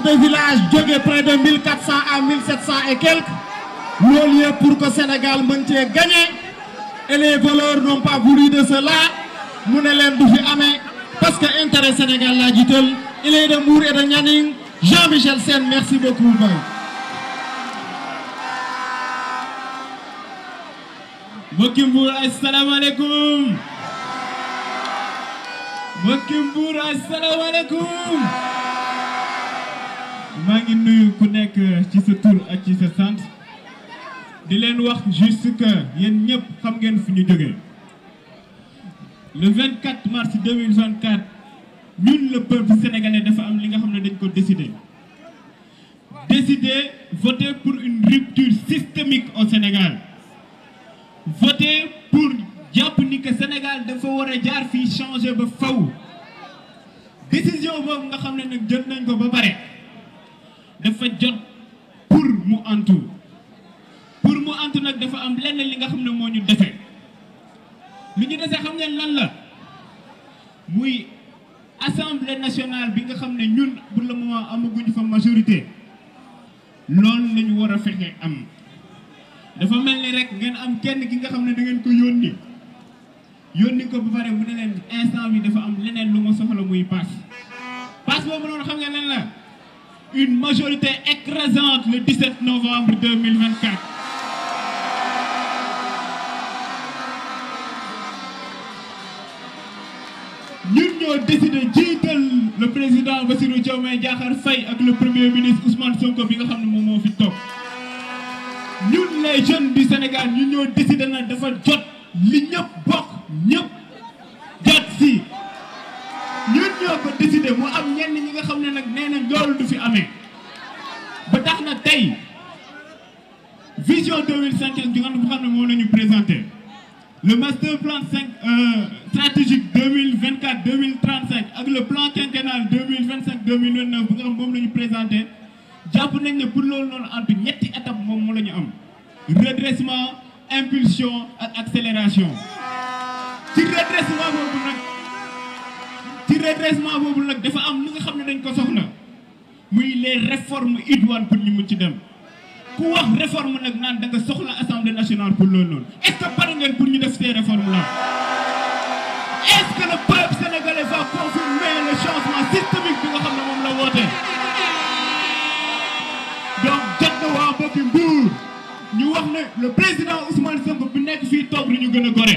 de villages de près de 1400 à 1700 et quelques le lieu pour que le Sénégal monte gagner, et les voleurs n'ont pas voulu de cela nous ne l'aimons du parce que intérêt Sénégal la dit. il est de mour et de Nyaning. Jean-Michel Senne, merci beaucoup Mangi nuyu ku nek ci sa tour ak ci sa sant di len wax juste que yéen ñep xam ngeen fuñu ñu le 24 mars 2024 ñun le peuple sénégalais dafa am li nga xam dañ ko décider décider voter pour une rupture systémique au Sénégal voter pour japp ni que Sénégal dafa war jaar fi changer ba faw décision boobu nga xam ne nag nañ ko ba pare dafa jot pour mu antu pour mu antu nak dafa am lenn li nga xamne ne ñu dese lu ñu dese xam ngeen lan la muy assemblée nationale bi nga xamne ne ñun pour le moment amaguñu fa majorité loolu lañu wara fexé am dafa melni rek ngeen am kenn ki nga xamne ne da ngeen ko yoni yoni ko bu pare mu ne len instant bi dafa am leneen lu mo soxla muy pass bo mu non xam ngeen lan la une majorité écrasante le 17 novembre 2024. Nous avons décidé jiital le président Bassirou Diomaye Diakhar Faye ak le premier ministre Ousmane Sonko bi nga fait moment de les jeunes du Sénégal nous avons décidé de faire jot li ñoo ko décidé mu am ñenn ñi nga xamné ne néna loolu du fi amé ba tax na tay vision 2050 ju nga xam ne moom présenter. le master plan 5 euh, stratégique 2024 2035 ak le plan quinquennal 2025 2029 bu nga xam moom la ñu présenté jàpp nañ ne pour loolu noonu antu ñetti étape moom moo la ñu am redressement impulsion ak accélération ci redressement boobu nag redressement boobu nag dafa am lu nga xam ne dañ ko soxna muy les réformes idoines pour ñu mu ci dem ku wax réforme nag naan da nga soxla assemblée nationale pour loolu noonu est-ce que pare ngeen pour ñu def ces réformes là est-ce que le peuple sénégalais va confirmer le changement systémique bi nga xam ne moom la woote donc jot na waa mbokki Mbour ñu wax ne le président Ousmane Sonko bi nekk fii toog lu ñu gën a gore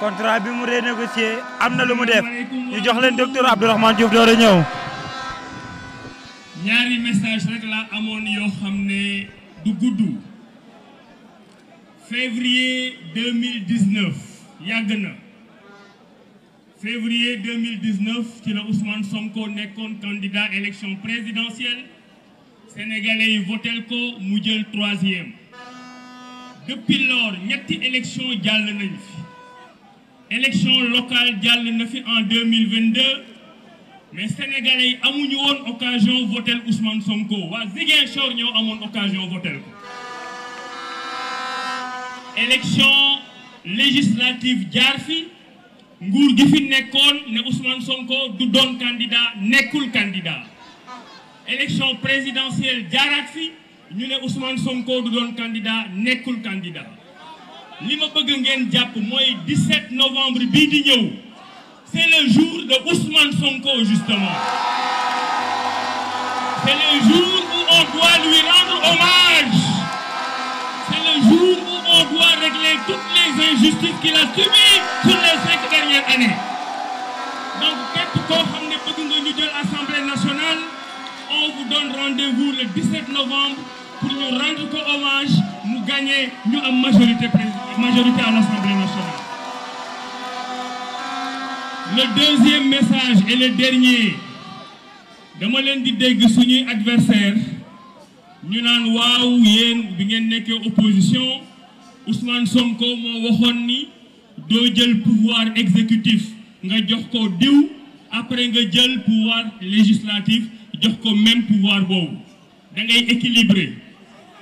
contrat bi mu renégocié amna lu mu def ñu jox len docteur Abdourahmane Diouf doore ñew ñaari message rek la amone yo xamné du gudd. février 2019 yagna février 2019 ci la Ousmane Sonko nekkoon candidat élection présidentielle sénégalais yi votel ko mu jël troisième. depuis lors ñetti élection jall nañ fi élection locale en 2022 mais sénégalais ont eu l'occasion occasion voter Ousmane Sonko Wa Ziguinchor ñoo eu occasion voter. Élections élection législative jaar fi nguur gi fi ne Ousmane Sonko du don candidat nekkul candidat élection présidentielle jaaraat fi ñu ne Ousmane Sonko du don candidat candidat Lima 17 novembre c'est le jour de Ousmane Sonko justement c'est le jour où on doit lui rendre hommage c'est le jour où on doit régler toutes les injustices qu'il a subies sur les cinq dernières années donc képp de nationale on vous donne rendez-vous le 17 novembre pour nous rendre hommage nous gagnons une majorité à l'Assemblée nationale. Le deuxième message et le dernier dama vous nous adversaire ñu avons opposition Ousmane Sonko nous ni pouvoir exécutif après pouvoir législatif jox même pouvoir nous da équilibré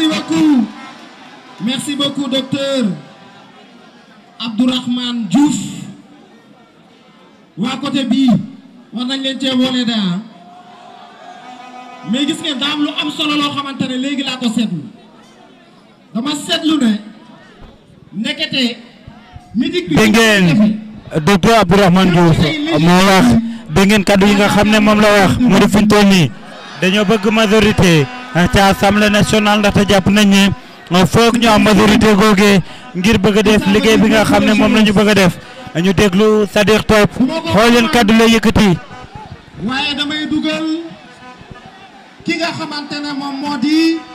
Merci beaucoup. Merci beaucoup, docteur Abdourahman Diouf. waa côté bii war nañ leen cee boole daa mais gis ngeen daam lu am solo lo xamantene ne la ko seetlu dama seetlu ne nekkete midik bi. dégg ngeen docteur Abdourahman Diouf mo wax dégg ngeen kaddu yi nga xam mom la wax mo di fi toll dañu bëgg majorité. ci assemblée nationale ta japp nañ ni fook ñu am majorité gogé ngir bëgg def liggéey bi nga xamné mom lañu bëgg def ñu déglu Sadiq Top xool leen kàddu lay yëkëti waaye damay duggal ki nga xamantene mom modi